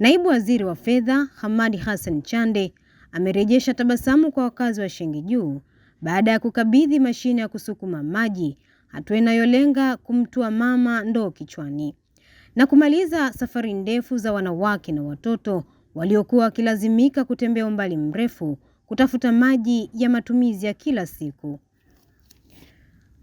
Naibu Waziri wa Fedha Hamadi Hassan Chande amerejesha tabasamu kwa wakazi wa Shengi Juu baada ya kukabidhi mashine ya kusukuma maji, hatua inayolenga kumtua mama ndoo kichwani na kumaliza safari ndefu za wanawake na watoto waliokuwa wakilazimika kutembea umbali mrefu kutafuta maji ya matumizi ya kila siku.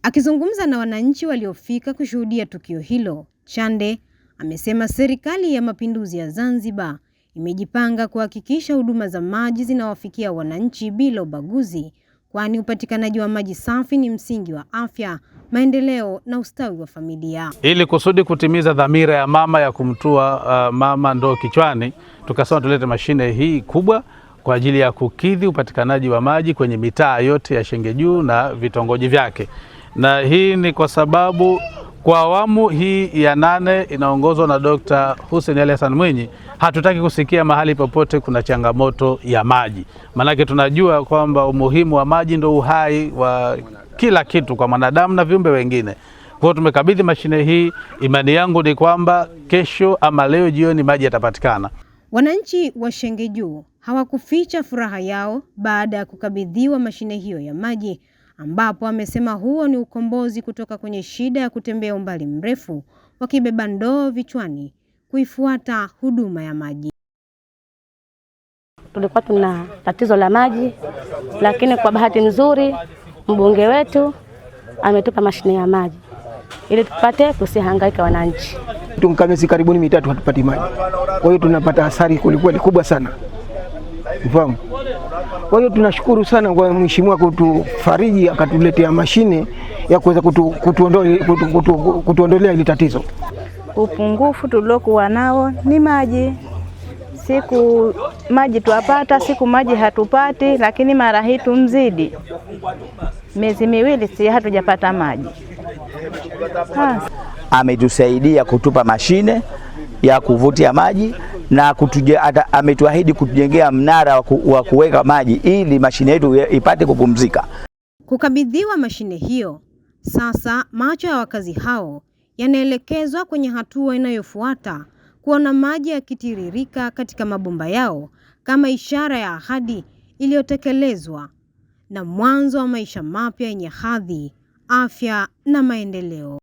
Akizungumza na wananchi waliofika kushuhudia tukio hilo, Chande amesema Serikali ya Mapinduzi ya Zanzibar imejipanga kuhakikisha huduma za maji zinawafikia wananchi bila ubaguzi, kwani upatikanaji wa maji safi ni msingi wa afya, maendeleo na ustawi wa familia. Ili kusudi kutimiza dhamira ya mama ya kumtua uh, mama ndoo kichwani, tukasema tulete mashine hii kubwa kwa ajili ya kukidhi upatikanaji wa maji kwenye mitaa yote ya Shenge Juu na vitongoji vyake, na hii ni kwa sababu kwa awamu hii ya nane inaongozwa na Dr. Hussein Ali Hassan Mwinyi, hatutaki kusikia mahali popote kuna changamoto ya maji, maanake tunajua kwamba umuhimu wa maji ndio uhai wa kila kitu kwa mwanadamu na viumbe wengine. Kwa hiyo tumekabidhi mashine hii, imani yangu ni kwamba kesho ama leo jioni maji yatapatikana. Wananchi wa Shenge Juu hawakuficha furaha yao baada ya kukabidhiwa mashine hiyo ya maji ambapo amesema huo ni ukombozi kutoka kwenye shida ya kutembea umbali mrefu wakibeba ndoo vichwani kuifuata huduma ya maji. Tulikuwa tuna tatizo la maji, lakini kwa bahati nzuri mbunge wetu ametupa mashine ya maji ili tupate kusihangaika wananchi. Tumekaa miezi karibuni mitatu hatupati maji, kwa hiyo tunapata hasara ni kubwa sana, ufahamu. Kwa hiyo tunashukuru sana kwa mheshimiwa kutufariji akatuletea mashine ya kuweza kutuondolea kutu, kutu, kutu, kutu hili tatizo. Upungufu tuliokuwa nao ni maji, siku maji twapata, siku maji hatupati, lakini mara hii tumzidi miezi miwili si hatujapata maji. Ametusaidia kutupa mashine ya kuvutia maji na ametuahidi kutujengea mnara wa kuweka maji ili mashine yetu ipate kupumzika. Kukabidhiwa mashine hiyo, sasa macho ya wakazi hao yanaelekezwa kwenye hatua inayofuata, kuona maji yakitiririka katika mabomba yao kama ishara ya ahadi iliyotekelezwa na mwanzo wa maisha mapya yenye hadhi, afya na maendeleo.